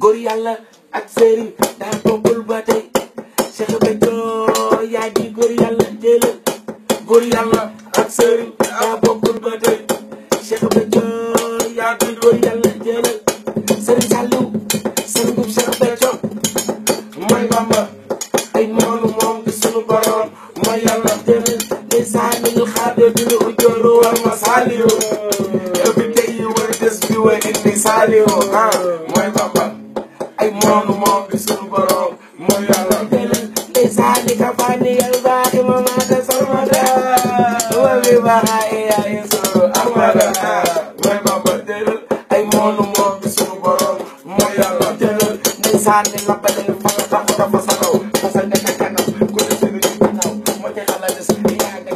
góor yàlla ak sëriñ daa bokkul ba tey Cheikh yaa ji góor yàlla ak sëriñ daa bokkul ba tey Cheikh Béthio yaa ji góor yàlla jëlal sëriñ Saliou sëriñ Cheikh Béthio mooy Bamba ay moonu moom di sunu borom mooy yàlla jëlal di saa ni ñu xaade di ñu ujjooru war ma Saliou every day you were just doing it di Saliou ah mooy Bamba moom moom bi suñu borom mooy yàlla bisani ka fani yal baati ma maata salmada wa bi baha iya isuru amada mooy baba jëlal ay moonu moom bi suñu borom mooy yàlla jëlal bisani labale fa tax dafa sakaw fa sa nekk kanam ku ne sunu ginnaaw mo te xala des yaa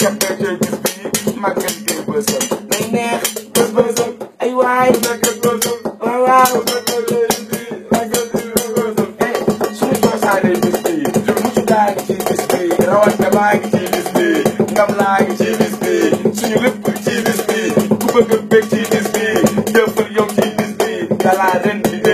bëgg bëgg ci bis bi jëfal yow ci bis bi dalaa ren bi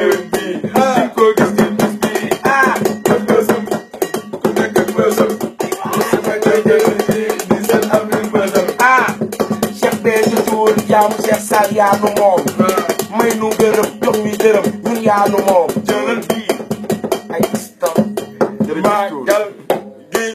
jaamu Cheikh Sall yaa nu moom may nu gërëm jox ñu dërëm ñun yaa nu moom jërël bi ay stop